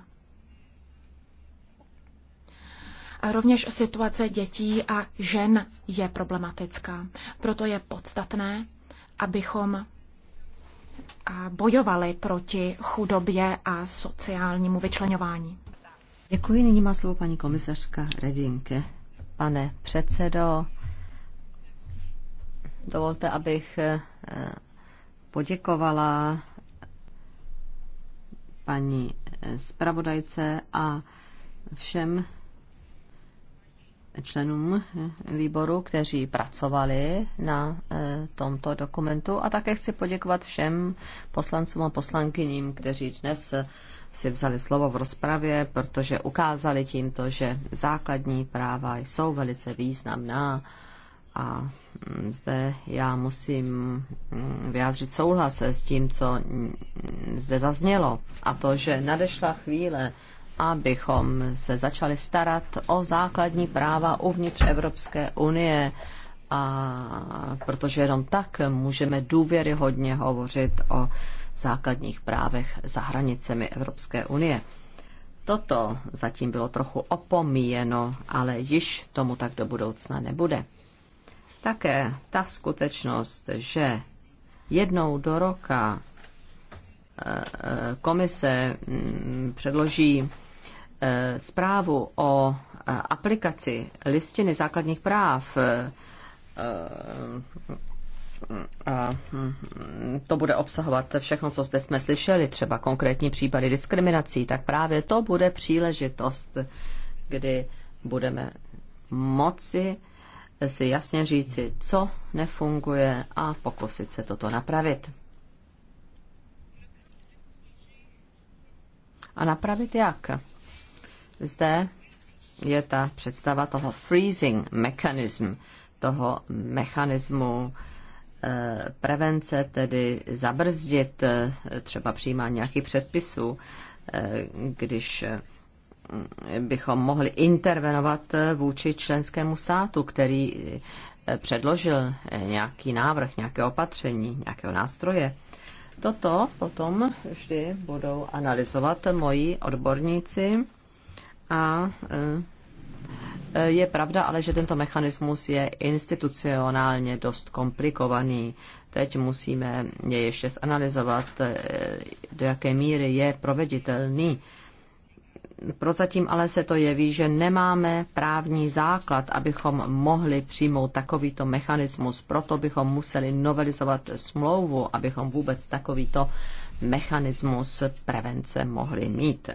A rovněž situace dětí a žen je problematická. Proto je podstatné, abychom bojovali proti chudobě a sociálnímu vyčlenování. Děkuji. Nyní má slovo paní komisařka Redinke. Pane předsedo, dovolte, abych eh, poděkovala paní eh, zpravodajce a všem členům výboru, kteří pracovali na eh, tomto dokumentu a také chci poděkovat všem poslancům a poslankyním, kteří dnes si vzali slovo v rozpravě, protože ukázali tímto, že základní práva jsou velice významná a mm, zde já musím mm, vyjádřit souhlas s tím, co mm, zde zaznělo a to, že nadešla chvíle abychom se začali starat o základní práva uvnitř Evropské unie, a protože jenom tak můžeme důvěryhodně hovořit o základních právech za hranicemi Evropské unie. Toto zatím bylo trochu opomíjeno, ale již tomu tak do budoucna nebude. Také ta skutečnost, že jednou do roka eh, eh, komise mm, předloží Eh, zprávu o eh, aplikaci listiny základních práv eh, a hm, to bude obsahovat všechno, co zde jsme slyšeli, třeba konkrétní případy diskriminací, tak právě to bude příležitost, kdy budeme moci si jasně říci, co nefunguje a pokusit se toto napravit. A napravit jak? Zde je ta představa toho freezing mechanism, toho mechanismu eh, prevence, tedy zabrzdit eh, třeba přijímání nějakých předpisů, eh, když mm, bychom mohli intervenovat vůči členskému státu, který předložil nějaký návrh, nějaké opatření, nějakého nástroje. Toto potom vždy budou analyzovat moji odborníci a e, e, je pravda ale, že tento mechanismus je institucionálně dost komplikovaný. Teď musíme je ještě zanalizovat, e, do jaké míry je proveditelný. Prozatím ale se to jeví, že nemáme právní základ, abychom mohli přijmout takovýto mechanismus. Proto bychom museli novelizovat smlouvu, abychom vůbec takovýto mechanismus prevence mohli mít.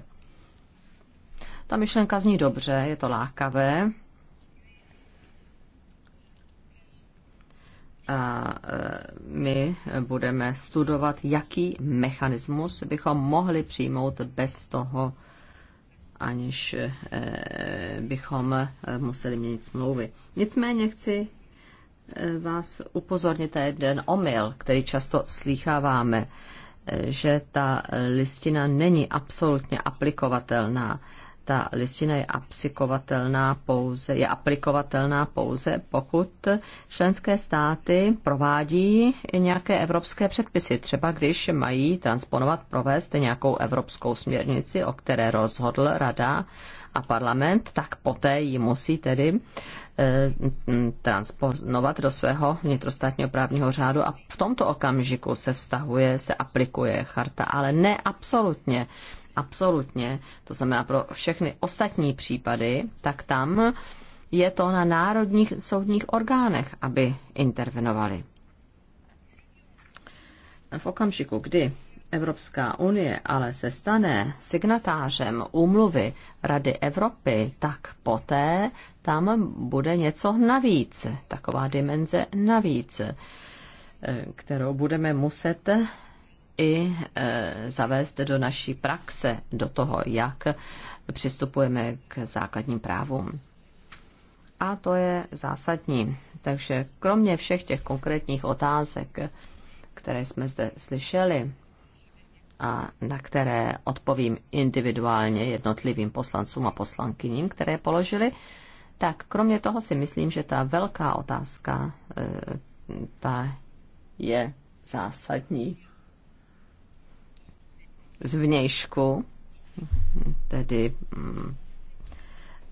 Ta myšlenka zní dobře, je to lákavé. A e, my budeme studovat, jaký mechanismus bychom mohli přijmout bez toho, aniž e, bychom e, museli měnit smlouvy. Nicméně chci vás upozornit na jeden omyl, který často slýcháváme, že ta listina není absolutně aplikovatelná ta listina je aplikovatelná pouze, je aplikovatelná pouze, pokud členské státy provádí nějaké evropské předpisy. Třeba když mají transponovat, provést nějakou evropskou směrnici, o které rozhodl Rada a parlament, tak poté ji musí tedy eh, transponovat do svého vnitrostátního právního řádu a v tomto okamžiku se vztahuje, se aplikuje charta, ale ne absolutně absolutně, to znamená pro všechny ostatní případy, tak tam je to na národních soudních orgánech, aby intervenovali. V okamžiku, kdy Evropská unie ale se stane signatářem úmluvy Rady Evropy, tak poté tam bude něco navíc, taková dimenze navíc, kterou budeme muset i e, zavést do naší praxe, do toho, jak přistupujeme k základním právům. A to je zásadní. Takže kromě všech těch konkrétních otázek, které jsme zde slyšeli a na které odpovím individuálně jednotlivým poslancům a poslankyním, které položili, tak kromě toho si myslím, že ta velká otázka, e, ta je zásadní z vnějšku, tedy mm,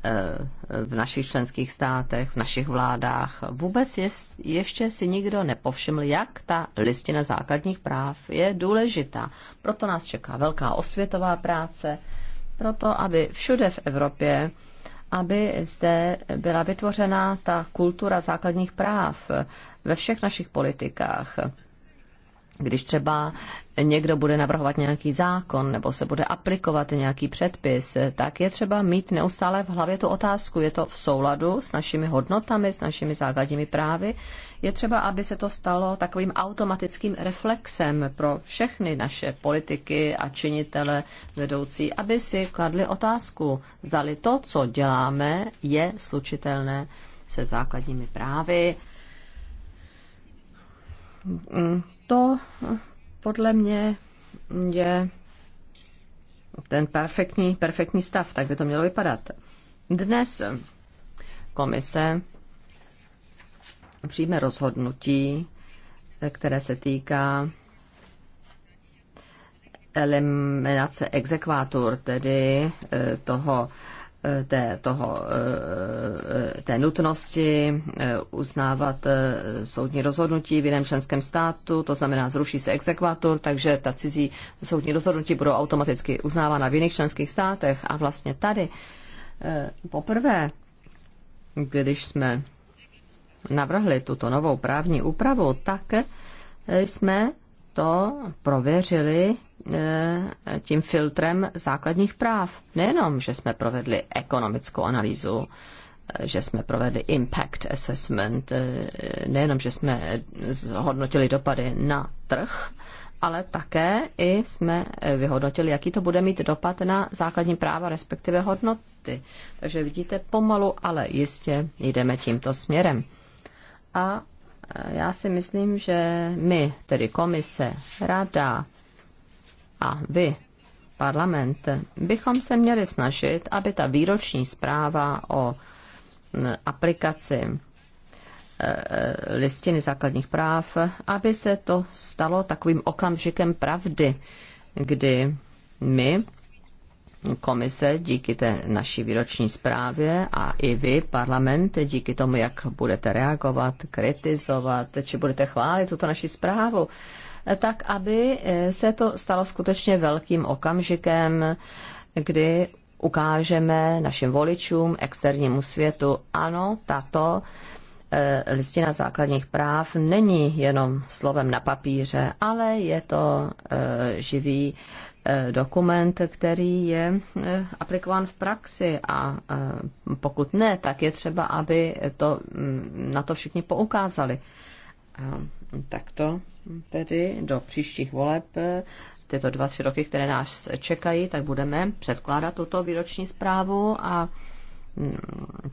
e, v našich členských státech, v našich vládách. Vůbec je, ještě si nikdo nepovšiml, jak ta listina základních práv je důležitá. Proto nás čeká velká osvětová práce, proto aby všude v Evropě, aby zde byla vytvořena ta kultura základních práv ve všech našich politikách když třeba někdo bude navrhovat nějaký zákon nebo se bude aplikovat nějaký předpis, tak je třeba mít neustále v hlavě tu otázku, je to v souladu s našimi hodnotami, s našimi základními právy. Je třeba, aby se to stalo takovým automatickým reflexem pro všechny naše politiky a činitele vedoucí, aby si kladli otázku, zdali to, co děláme, je slučitelné se základními právy mm, to podle mě je ten perfektní, perfektní stav, tak by to mělo vypadat. Dnes komise přijme rozhodnutí, které se týká eliminace exekvátor, tedy eh, toho té, toho, eh, té nutnosti eh, uznávat eh, soudní rozhodnutí v jiném členském státu, to znamená zruší se exekvátor, takže ta cizí soudní rozhodnutí budou automaticky uznávána v jiných členských státech a vlastně tady poprvé, když jsme navrhli tuto novou právní úpravu, tak jsme to prověřili eh, tím filtrem základních práv. Nejenom, že jsme provedli ekonomickou analýzu, eh, že jsme provedli impact assessment, eh, nejenom, že jsme zhodnotili dopady na trh, ale také i jsme vyhodnotili, jaký to bude mít dopad na základní práva, respektive hodnoty. Takže vidíte, pomalu, ale jistě jdeme tímto směrem. A já si myslím, že my, tedy komise, rada a vy, parlament, bychom se měli snažit, aby ta výroční zpráva o aplikaci e, e, listiny základních práv, aby se to stalo takovým okamžikem pravdy, kdy my komise díky té naší výroční zprávě a i vy, parlament, díky tomu, jak budete reagovat, kritizovat, či budete chválit tuto naši zprávu, tak aby eh, se to stalo skutečně velkým okamžikem, kdy ukážeme našim voličům, externímu světu, ano, tato eh, listina základních práv není jenom slovem na papíře, ale je to eh, živý Eh, dokument, který je eh, aplikován v praxi a eh, pokud ne, tak je třeba, aby to, mm, na to všichni poukázali. Tak to tedy do příštích voleb tyto dva, tři roky, které nás čekají, tak budeme předkládat tuto výroční zprávu a mm,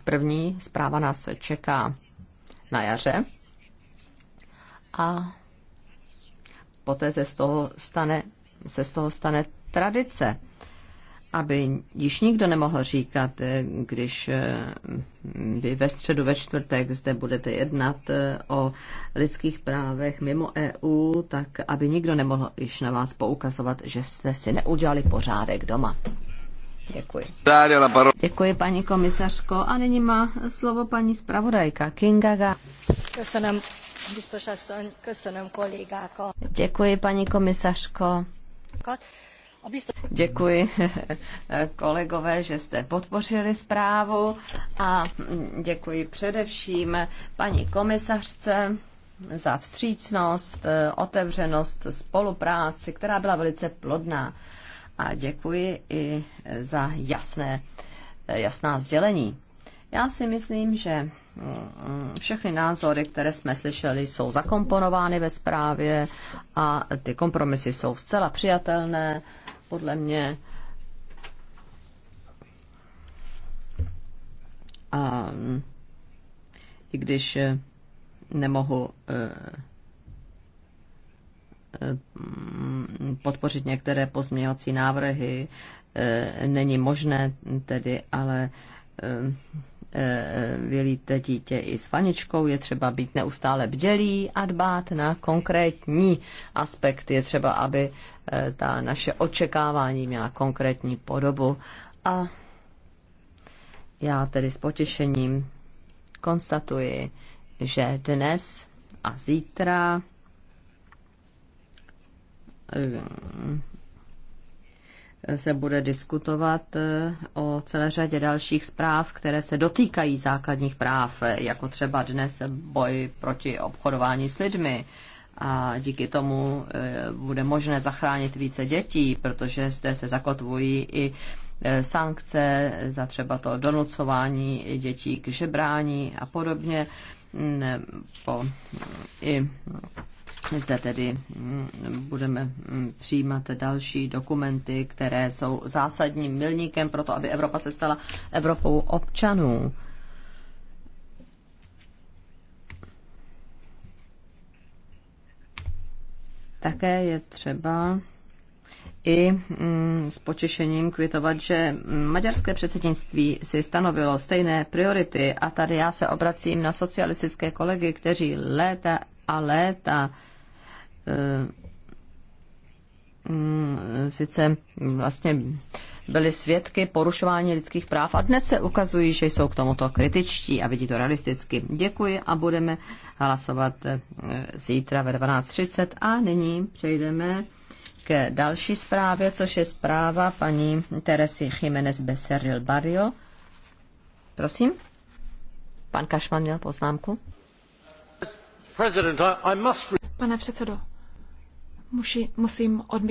první zpráva nás čeká na jaře a poté se z toho stane se z toho stane tradice, aby již nikdo nemohl říkat, eh, když eh, vy ve středu, ve čtvrtek zde budete jednat eh, o lidských právech mimo EU, tak aby nikdo nemohl již na vás poukazovat, že jste si neudělali pořádek doma. Děkuji. Děkuji, paní komisařko. A nyní má slovo paní zpravodajka Kingaga. Děkuji, paní komisařko. Děkuji kolegové, že jste podpořili zprávu a děkuji především paní komisařce za vstřícnost, otevřenost, spolupráci, která byla velice plodná. A děkuji i za jasné, jasná sdělení. Já si myslím, že všechny názory, které jsme slyšeli, jsou zakomponovány ve zprávě a ty kompromisy jsou zcela přijatelné. Podle mě a i když eh, nemohu eh, eh, podpořit některé pozměňovací návrhy, není možné tedy, ale Eh, eh, vylíte dítě i s vaničkou, je třeba být neustále bdělý a dbát na konkrétní aspekt. Je třeba, aby eh, ta naše očekávání měla konkrétní podobu. A já tedy s potěšením konstatuji, že dnes a zítra se bude diskutovat eh, o celé řadě dalších zpráv, které se dotýkají základních práv, eh, jako třeba dnes boj proti obchodování s lidmi. A díky tomu eh, bude možné zachránit více dětí, protože zde se zakotvují i sankce za třeba to donucování dětí k žebrání a podobně. Mm, po, i zde tedy mm, budeme mm, přijímat další dokumenty, které jsou zásadním milníkem pro to, aby Evropa se stala Evropou občanů. Také je třeba i mm, s potěšením kvitovat, že maďarské předsednictví si stanovilo stejné priority a tady já se obracím na socialistické kolegy, kteří léta a léta Eh, mm, sice vlastně byli svědky porušování lidských práv a dnes se ukazují, že jsou k tomuto kritičtí a vidí to realisticky. Děkuji a budeme hlasovat eh, zítra ve 12.30 a nyní přejdeme k další zprávě, což je zpráva paní Teresy Jiménez Becerril Barrio. Prosím. Pan Kašman měl poznámku. Pane předsedo, Muši, musím odmítnout.